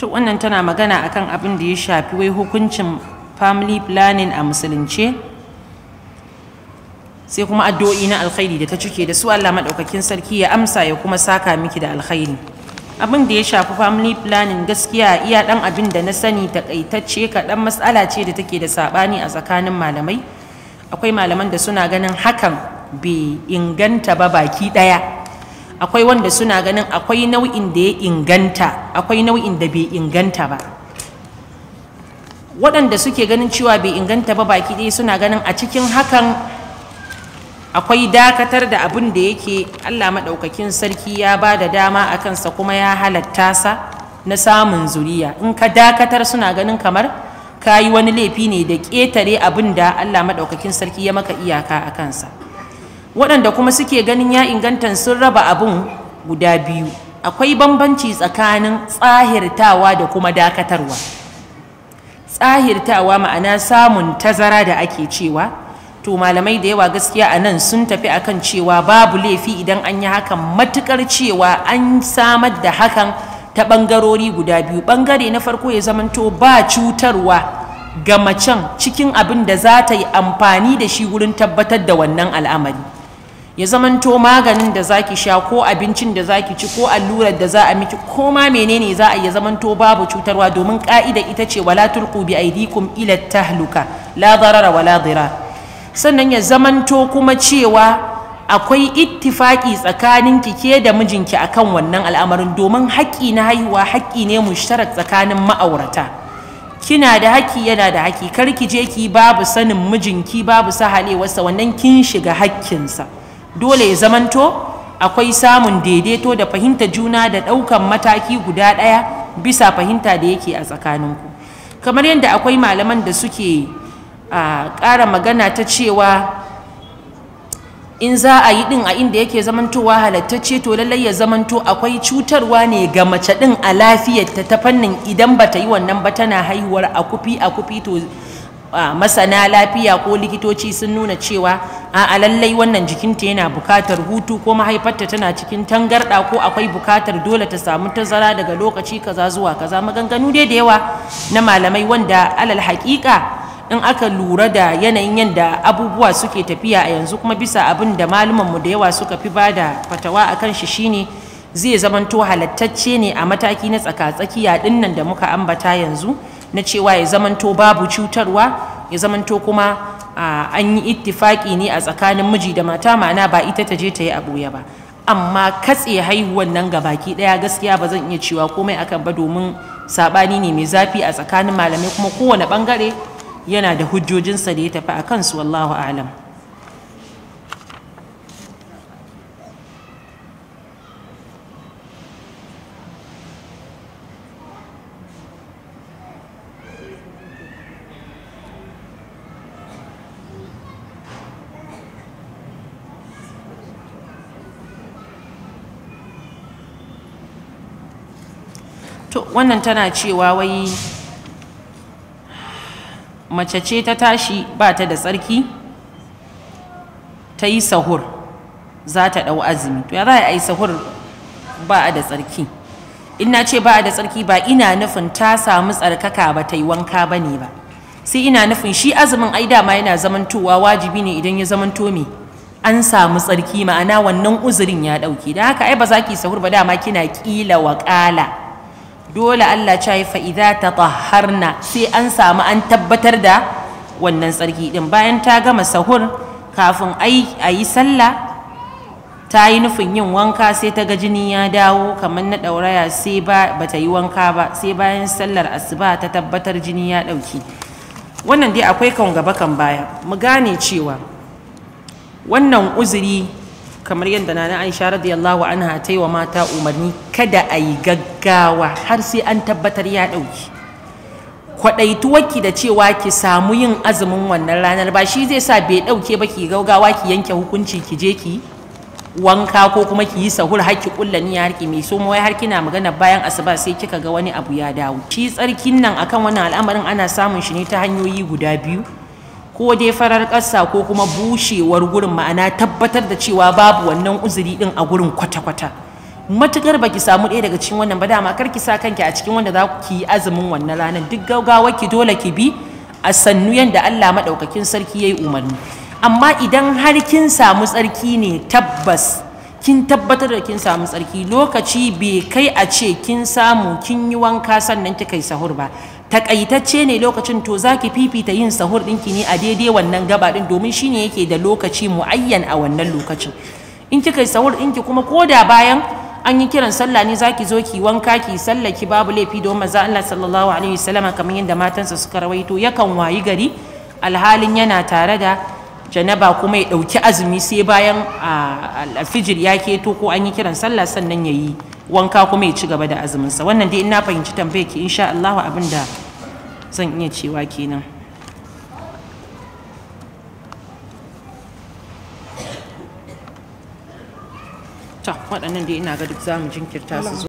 to wannan tana magana akan abin da ya shafi wai hukuncin family planning a musulunce sai kuma addu'o'i na alkhairi da ta cike da su Allah maɗaukakin sarki ya amsa ya kuma saka miki da alkhairi abin da ya shafi family planning gaskiya iya dan abin da na sani takaitacce kaɗan matsala ce da take da saɓani a tsakanin malamai akwai malaman da suna ganin hakan bai inganta ba baki ɗaya akwai wanda suna ganin akwai nau'in da ya inganta akwai nau'in da bai inganta ba waɗanda suke ganin cewa bai inganta ba baki ɗaya suna ganin a cikin hakan akwai dakatar da abin da yake allah maɗaukakin sarki ya ba da dama a kansa kuma ya halatta sa na samun zuriya in ka dakatar suna ganin kamar ka yi wani laifi ne da ƙetare abin da Allah maɗaukakin sarki ya maka iyaka a kansa waɗanda kuma suke ganin ya inganta sun raba abin guda biyu akwai bambanci tsakanin tsahirtawa da kuma dakatarwa tsahirtawa ma'ana samun tazara da ake cewa to malamai da yawa gaskiya a nan sun tafi akan cewa babu laifi idan an yi hakan matukar cewa an samar da hakan ta ɓangarori guda biyu ɓangare na farko ya zamanto ba cutarwa ga macen cikin abin da za ta yi amfani da shi wurin tabbatar da wannan al'amari ya zamanto maganin da zaki sha ko abincin da zaki ci ko allurar da za a miki ko ma menene za a ya zamanto babu cutarwa domin ka'ida ita ce wala tulqu bi aidikum ila tahluka la darara wala dirar sannan ya zamanto kuma cewa akwai ittifaki tsakanin ki ke da mijinki akan wannan al'amarin domin haƙƙi na haihuwa haƙƙi ne mushtarak tsakanin ma'aurata kina da haƙƙi, yana da haƙƙi, kar ki je ki babu sanin mijinki babu sahalewarsa wannan kin shiga hakkinsa dole ya zamanto akwai samun daidaito da fahimta juna da ɗaukan mataki guda ɗaya bisa fahimta da yake a tsakaninku kamar yadda akwai malaman da suke ƙara magana ta cewa in za a yi ɗin a inda yake zamantowa halattacce to lallai ya zamanto akwai cutarwa ne ga mace ɗin a lafiyarta ta fannin idan bata yi wannan ba tana haihuwar a kufi a kufi to masana lafiya ko likitoci sun nuna cewa a lallai wannan jikinta yana bukatar hutu ko mahaifarta tana cikin tangarɗa ko akwai bukatar dole ta samu tazara daga lokaci kaza zuwa kaza maganganu dai da yawa na malamai wanda alal haƙiƙa in aka lura da yanayin yadda abubuwa suke tafiya a yanzu kuma bisa abin da malumanmu da yawa suka fi ba da fatawa a kan shi shine zai zamanto halattacce ne a mataki na tsaka-tsakiya dinnan da muka ambata yanzu na cewa ya zamanto babu cutarwa ya zamanto kuma an yi ittifaki ne a tsakanin miji da mata ma'ana ba ita ta je ta yi abuya ba amma katse haihuwan nan ga baki daya gaskiya ba zan iya cewa komai akan ba domin sabani ne mai zafi a tsakanin malamai kuma kowane ɓangare yana da hujjojinsa da ya tafi a kansu wallahu alam to wannan tana cewa wai mace ce ta tashi ba ta da tsarki ta yi sahur za ta ɗau azumi to ya za a yi sahur ba a da tsarki in na ce ba a da tsarki ba ina nufin ta samu tsarkaka ba ta yi wanka ba ne ba sai ina nufin shi azumin ai dama yana zamantowa wajibi ne idan ya zamanto me an samu tsarki ma'ana wannan uzurin ya ɗauke da haka ai ba za ki sahur ba dama kina ƙila wa ƙala dole Allah ya yi fa'iza ta taharna sai an samu an tabbatar da wannan tsarki din bayan ta gama sahur kafin a yi sallah ta yi nufin yin wanka sai ta ga jini ya dawo kamar na ɗauraya sai ba ta yi wanka ba sai bayan sallar asuba ta tabbatar jini ya ɗauki wannan dai akwai kan gaba kan baya mu gane cewa wannan uzuri kamar yadda na aisha radiyallahu anha ta yi wa mata umarni kada a yi gaggawa har sai an tabbatar ya ɗauki kwaɗaituwarki da cewa ki samu yin azumin wannan ranar ba shi zai sa bai ɗauke ba ki gaugawa ki yanke hukunci ki je ki wanka ko kuma ki yi sahur har ki kulla niyya har ki mai so wai har kina magana bayan asuba sai kika ga wani abu ya dawo shi tsarkin nan akan wannan al'amarin ana samun shi ne ta hanyoyi guda biyu ko dai farar ƙasa ko kuma bushewar gurin ma'ana tabbatar da cewa babu wannan uzuri ɗin a gurin kwata-kwata matukar ki samu ɗaya daga cikin wannan ba dama kar ki sa kanki a cikin wanda za ki yi azumin wannan ranar duk gaggawa ki dole ki bi a sannu yadda Allah maɗaukakin sarki ya yi umarni amma idan har kin samu tsarki ne tabbas kin tabbatar da kin samu tsarki lokaci bai kai a ce kin samu kin yi wanka sannan kika yi sahur ba takaitacce ne lokacin to za ki fifita yin sahur ɗinki ne a daidai wannan gaba ɗin domin shine yake da lokaci mu'ayyan a wannan lokacin in kika yi sahur ɗinki kuma ko da bayan an yi kiran sallah ne zaki zo ki wanka ki sallah ki babu laifi don maza Allah sallallahu alaihi wasallam kamar yadda matansa suka rawaito yakan wayi gari alhalin yana tare da janaba kuma ya ɗauki azumi sai bayan alfijir ya keto ko an yi kiran sallah sannan ya yi wanka kuma ya ci gaba da azuminsa wannan dai ina fahimci tambayar ki insha Allah abin zan iya cewa kenan to waɗannan da ina ga duk zamu jinkirta su